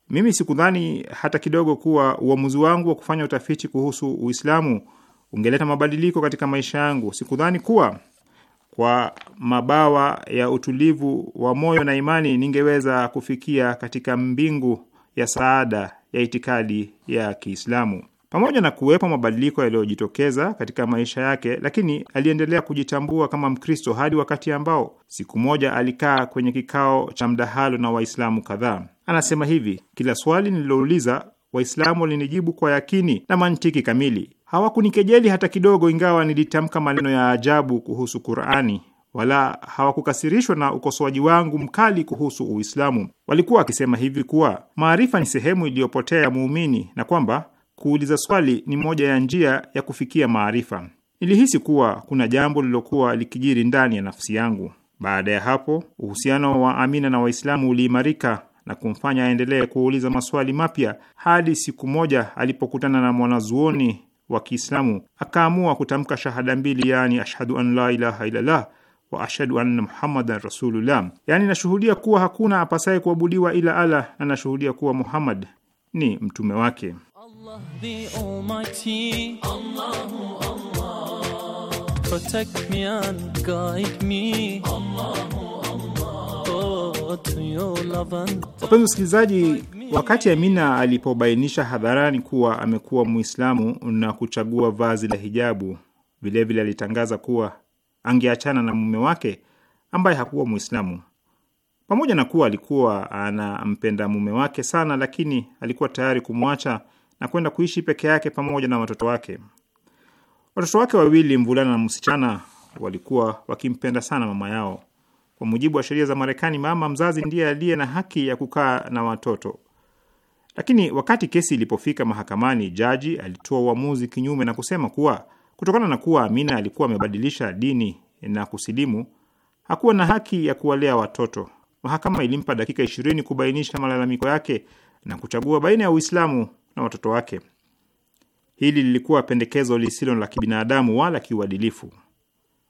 mimi sikudhani hata kidogo kuwa uamuzi wangu wa kufanya utafiti kuhusu Uislamu ungeleta mabadiliko katika maisha yangu. Sikudhani kuwa kwa mabawa ya utulivu wa moyo na imani, ningeweza kufikia katika mbingu ya saada ya itikadi ya Kiislamu. Pamoja na kuwepo mabadiliko yaliyojitokeza katika maisha yake, lakini aliendelea kujitambua kama Mkristo hadi wakati ambao siku moja alikaa kwenye kikao cha mdahalo na Waislamu kadhaa. Anasema hivi: kila swali nililouliza Waislamu walinijibu kwa yakini na mantiki kamili. Hawakunikejeli hata kidogo, ingawa nilitamka maneno ya ajabu kuhusu Qurani, wala hawakukasirishwa na ukosoaji wangu mkali kuhusu Uislamu. Walikuwa wakisema hivi kuwa maarifa ni sehemu iliyopotea ya muumini na kwamba kuuliza swali ni moja ya njia ya kufikia maarifa. Nilihisi kuwa kuna jambo lilokuwa likijiri ndani ya nafsi yangu. Baada ya hapo, uhusiano wa Amina na Waislamu uliimarika na kumfanya aendelee kuuliza maswali mapya hadi siku moja alipokutana na mwanazuoni wa Kiislamu akaamua kutamka shahada mbili, yaani ashhadu an la ilaha illallah wa ashhadu anna muhammadan rasulullah, yaani nashuhudia kuwa hakuna apasaye kuabudiwa ila Allah na nashuhudia kuwa Muhammad ni mtume wake. Allah Wapenzi wasikilizaji, wakati Amina alipobainisha hadharani kuwa amekuwa Muislamu na kuchagua vazi la hijabu, vilevile alitangaza kuwa angeachana na mume wake ambaye hakuwa Muislamu. Pamoja na kuwa alikuwa anampenda mume wake sana, lakini alikuwa tayari kumwacha na kwenda kuishi peke yake pamoja na watoto wake. Watoto wake wawili, mvulana na msichana, walikuwa wakimpenda sana mama yao. Kwa mujibu wa sheria za Marekani, mama mzazi ndiye aliye na haki ya kukaa na watoto. Lakini wakati kesi ilipofika mahakamani, jaji alitoa uamuzi kinyume na kusema kuwa kutokana na kuwa Amina alikuwa amebadilisha dini na kusilimu, hakuwa na haki ya kuwalea watoto. Mahakama ilimpa dakika ishirini kubainisha malalamiko yake na kuchagua baina ya Uislamu na watoto wake. Hili lilikuwa pendekezo lisilo la kibinadamu wala kiuadilifu.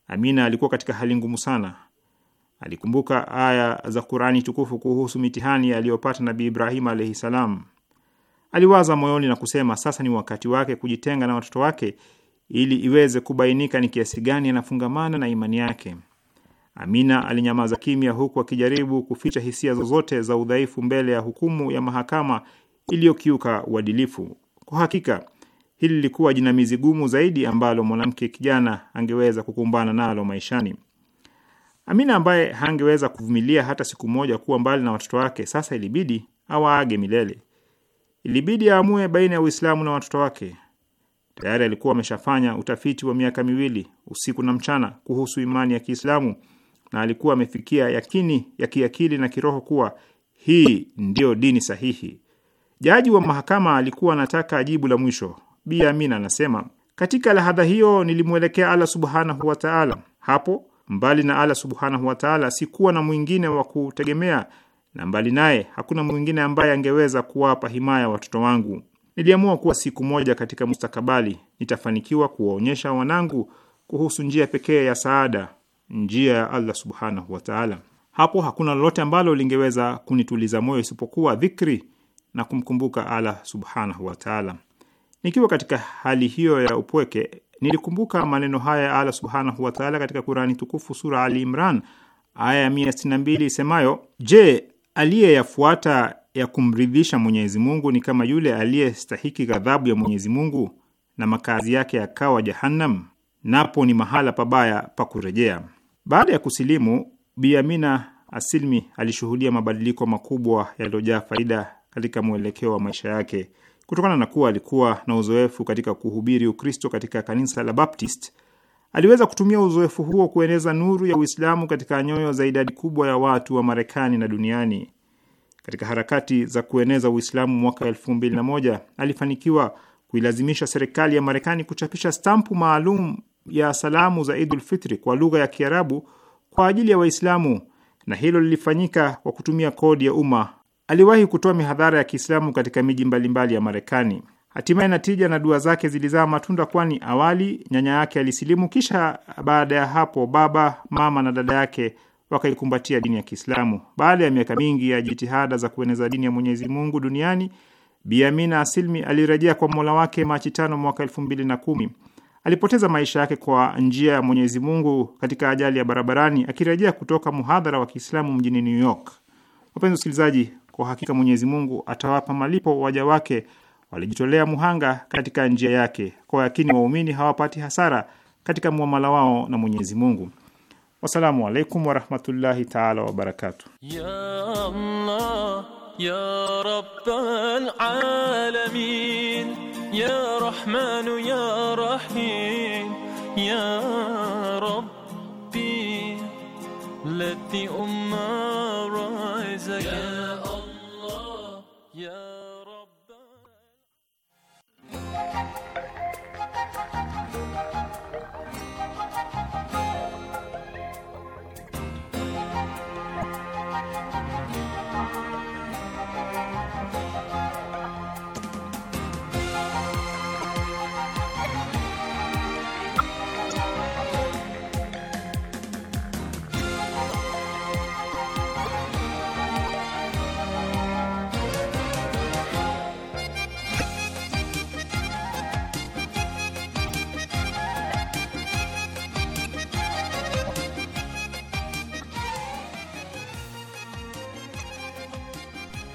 Amina alikuwa katika hali ngumu sana alikumbuka aya za qurani tukufu kuhusu mitihani aliyopata Nabii Ibrahim alaihi salam. Aliwaza moyoni na kusema, sasa ni wakati wake kujitenga na watoto wake ili iweze kubainika ni kiasi gani anafungamana na imani yake. Amina alinyamaza kimya, huku akijaribu kuficha hisia zozote za udhaifu mbele ya hukumu ya mahakama iliyokiuka uadilifu. Kwa hakika hili lilikuwa jinamizi gumu zaidi ambalo mwanamke kijana angeweza kukumbana nalo maishani. Amina ambaye hangeweza kuvumilia hata siku moja kuwa mbali na watoto wake, sasa ilibidi awaage milele. Ilibidi aamue baina ya Uislamu na watoto wake. Tayari alikuwa ameshafanya utafiti wa miaka miwili usiku na mchana kuhusu imani ya Kiislamu na alikuwa amefikia yakini ya kiakili na kiroho kuwa hii ndiyo dini sahihi. Jaji wa mahakama alikuwa anataka ajibu la mwisho. Bi Amina anasema, katika lahadha hiyo nilimwelekea Allah subhanahu wataala. Hapo Mbali na Allah subhanahu wataala, sikuwa na mwingine wa kutegemea, na mbali naye hakuna mwingine ambaye angeweza kuwapa himaya watoto wangu. Niliamua kuwa siku moja katika mustakabali nitafanikiwa kuwaonyesha wanangu kuhusu njia pekee ya saada, njia ya Allah subhanahu wataala. Hapo hakuna lolote ambalo lingeweza kunituliza moyo isipokuwa dhikri na kumkumbuka Allah subhanahu wataala. Nikiwa katika hali hiyo ya upweke, Nilikumbuka maneno haya ya Allah subhanahu wataala katika Kurani tukufu sura Ali Imran aya ya 162 isemayo, je, aliyeyafuata ya kumridhisha Mwenyezi Mungu ni kama yule aliyestahiki ghadhabu ya Mwenyezi Mungu na makazi yake yakawa Jahannam, napo ni mahala pabaya pa kurejea. Baada ya kusilimu, Bi Amina Asilmi alishuhudia mabadiliko makubwa yaliyojaa faida katika mwelekeo wa maisha yake. Kutokana na kuwa alikuwa na uzoefu katika kuhubiri Ukristo katika kanisa la Baptist, aliweza kutumia uzoefu huo kueneza nuru ya Uislamu katika nyoyo za idadi kubwa ya watu wa Marekani na duniani. Katika harakati za kueneza Uislamu mwaka elfu moja alifanikiwa kuilazimisha serikali ya Marekani kuchapisha stampu maalum ya salamu za Idul Fitri kwa lugha ya Kiarabu kwa ajili ya Waislamu, na hilo lilifanyika kwa kutumia kodi ya umma Aliwahi kutoa mihadhara ya Kiislamu katika miji mbalimbali ya Marekani. Hatimaye natija na dua zake zilizaa matunda, kwani awali nyanya yake alisilimu, kisha baada ya hapo baba, mama na dada yake wakaikumbatia dini ya Kiislamu. Baada ya miaka mingi ya jitihada za kueneza dini ya Mwenyezi Mungu duniani, Bi Amina Asilmi alirejea kwa Mola wake Machi tano mwaka elfu mbili na kumi. Alipoteza maisha yake kwa njia ya Mwenyezi Mungu katika ajali ya barabarani akirejea kutoka muhadhara wa Kiislamu mjini New York. Wapenzi wasikilizaji, kwa hakika Mwenyezi Mungu atawapa malipo waja wake walijitolea muhanga katika njia yake. Kwa yakini waumini hawapati hasara katika muamala wao na Mwenyezi Mungu. Wassalamu alaikum warahmatullahi taala wabarakatu. Ya Allah ya alamin ya rahman ya rahim ya rabbi lati umma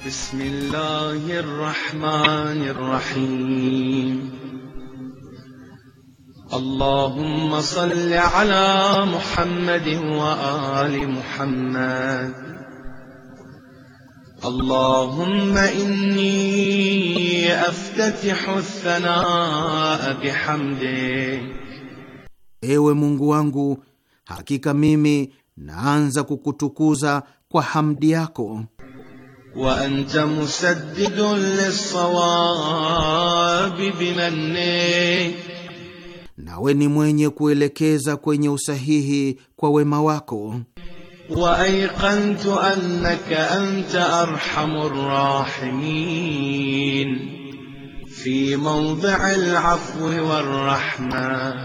بسم الله الرحمن الرحيم اللهم صل على محمد وآل محمد اللهم إني أفتتح الثناء بحمدك Ewe Mungu wangu, hakika mimi naanza kukutukuza kwa hamdi yako. وأنت مسدد للصواب بمنك nawe ni mwenye kuelekeza kwenye usahihi kwa wema wako. wa waaiqantu annaka anta arhamur rahimin fi mawdii alafwi warrahma,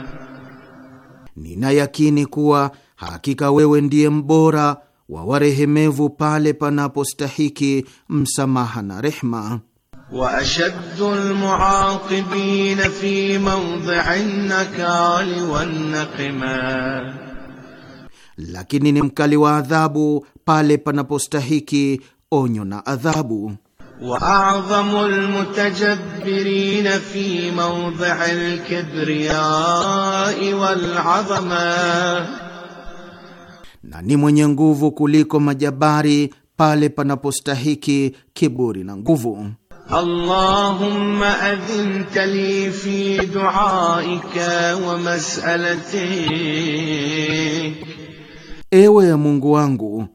nina yakini kuwa hakika wewe ndiye mbora wa warehemevu pale panapostahiki msamaha na rehma. Wa ashaddu almuaqibina fi mawdhi'in nakali wan naqima, lakini ni mkali wa adhabu pale panapostahiki onyo na adhabu. Wa a'dhamu almutajabbirina fi mawdhi'il kibriya wal 'azama na ni mwenye nguvu kuliko majabari pale panapostahiki kiburi na nguvu. Allahumma adhinka li fi duaika wa mas'alati, ewe ya Mungu wangu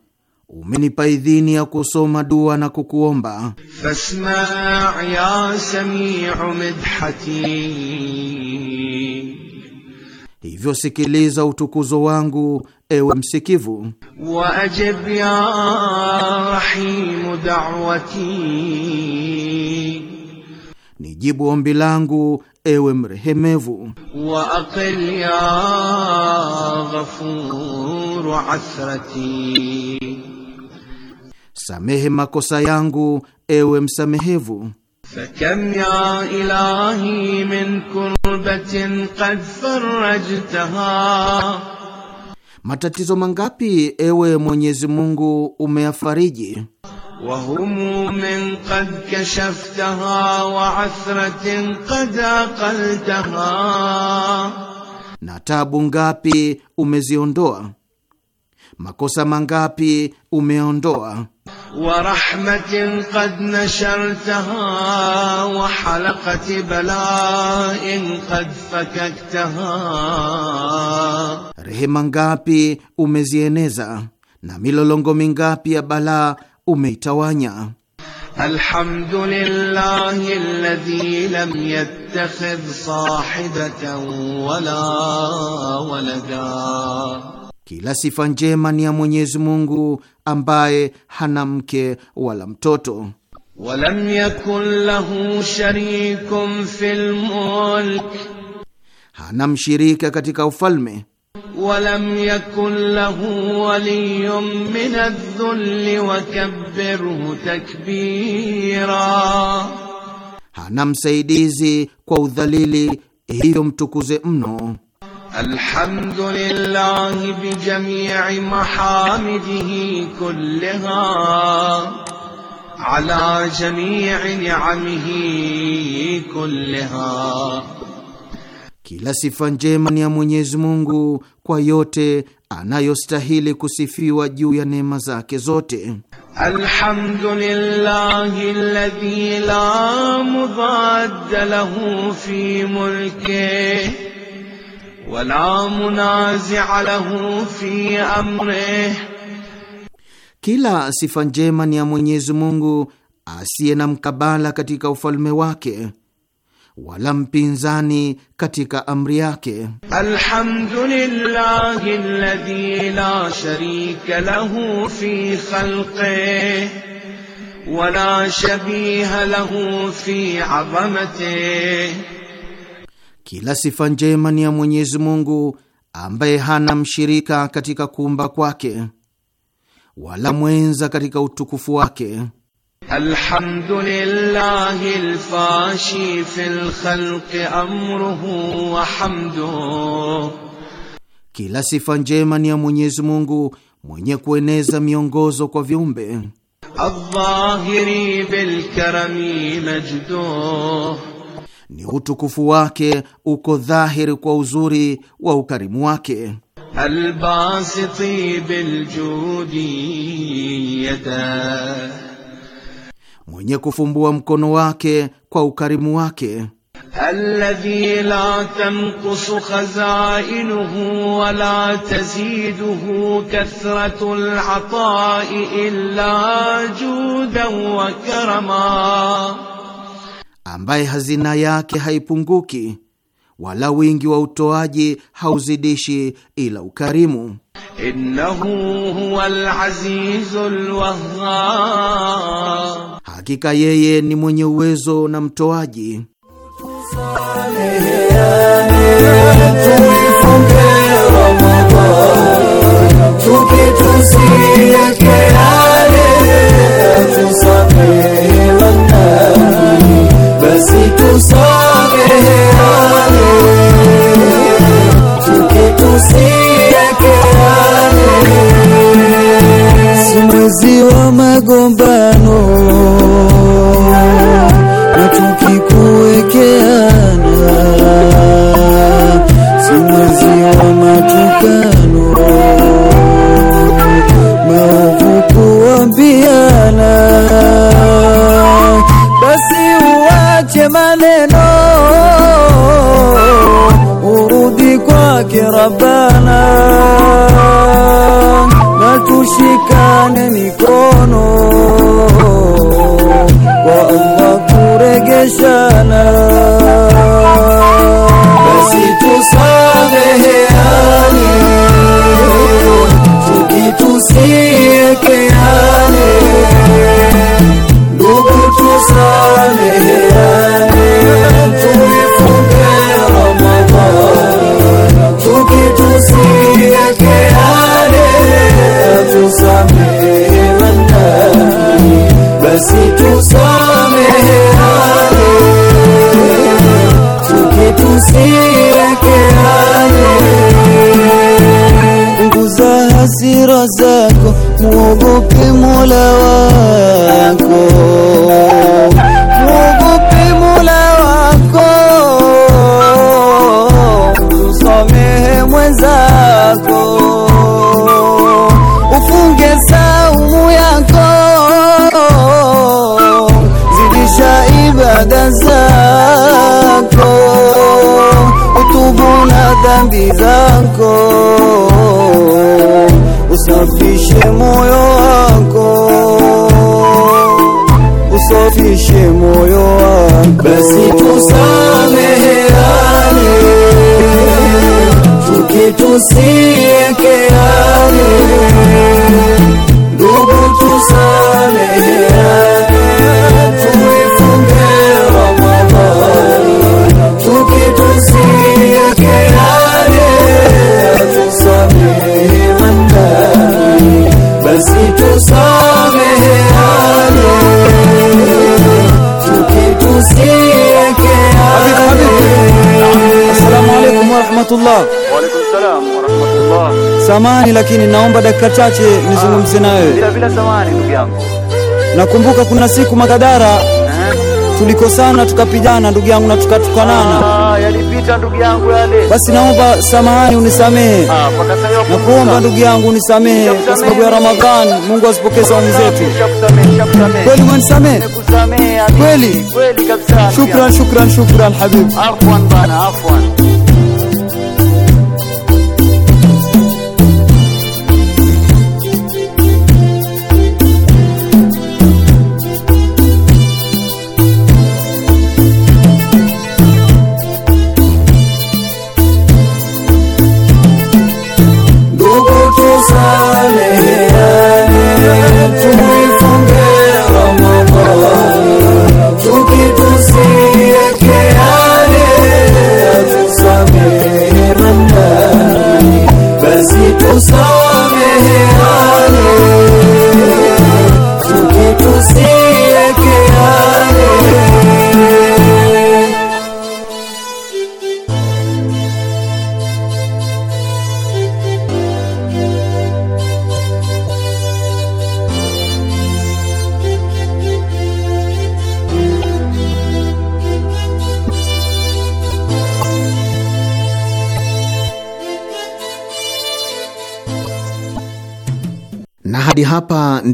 umenipa idhini ya kusoma dua na kukuomba. Fasma ya samiu midhati hivyo sikiliza utukuzo wangu, ewe msikivu. ni ya da'wati, nijibu ombi langu, ewe mrehemevu. Wa aqil ya asrati, samehe makosa yangu, ewe msamehevu. فكم يا إلهي من كربة قد فرجتها Matatizo mangapi ewe Mwenyezi Mungu umeyafariji, wahumumin qad kashaftaha wa qad aqaltaha, na tabu ngapi umeziondoa makosa mangapi umeondoa. wa rahmatin qad nashartaha wa bala'in qad fakaktaha, rehema ngapi umezieneza na milolongo mingapi ya balaa umeitawanya. Alhamdulillahi alladhi lam yattakhidh sahibatan wala walada kila sifa njema ni ya Mwenyezi Mungu ambaye hana mke wala mtoto. Walam yakun lahu sharikun fil mulk, hana mshirika katika ufalme. Walam yakun lahu waliyyun min adh-dhulli wa kabbirhu takbira, hana msaidizi kwa udhalili, hiyo mtukuze mno. الحمد لله بجميع محامده كلها على جميع نعمه كلها kila sifa njema ni ya Mwenyezi Mungu kwa yote anayostahili kusifiwa juu ya neema zake zote. Alhamdulillahi alladhi la mudadda lahu fi mulkihi ولا منازع له في امره kila sifa njema ni ya Mwenyezi Mungu asiye na mkabala katika ufalme wake wala mpinzani katika amri yake. Alhamdulillahi alladhi la sharika lahu fi khalqi wala shabiha lahu fi azamatihi kila sifa njema ni ya Mwenyezi Mungu ambaye hana mshirika katika kuumba kwake wala mwenza katika utukufu wake. Alhamdulillahi alfashi fil khalqi amruhu wa kila sifa njema ni ya Mwenyezi Mungu mwenye kueneza miongozo kwa viumbe ni utukufu wake uko dhahiri kwa uzuri wa ukarimu wake. mwenye kufumbua mkono wake kwa ukarimu wake. Alladhi la tanqusu khazainuhu wa la taziduhu kathratul illa judan wa karama ambaye hazina yake haipunguki wala wingi wa utoaji hauzidishi ila ukarimu. Innahu huwal azizul wahhab, hakika yeye ni mwenye uwezo na mtoaji basi tusogeane, chuki tusiekeane, si mwezi wa magombano na chuki kuwekeana, si mwezi wa matukano yake Rabbana, na tushikane mikono kwa Allah kuregeshana, basi tusameheane tukitusiyekeana basi tusameheane, chuki tusiwekeane, nguza hasira zako, muogope Mola wako these Samani, lakini naomba dakika chache nizungumze wewe. Ah, bila bila samani, ndugu yangu. Nakumbuka kuna siku Makadara tulikosana tukapigana ndugu yangu na tukatukanana. Ah, yalipita ndugu yangu yale. Basi naomba samahani unisamehe. Ah, ndugu yangu unisamehe kwa sababu ya Ramadhani, Mungu asipokee saumu ah, zetu. Kweli mwanisamehe? Kweli? Kweli kabisa. Shukran, shukran, shukran habibu. Afwan bana.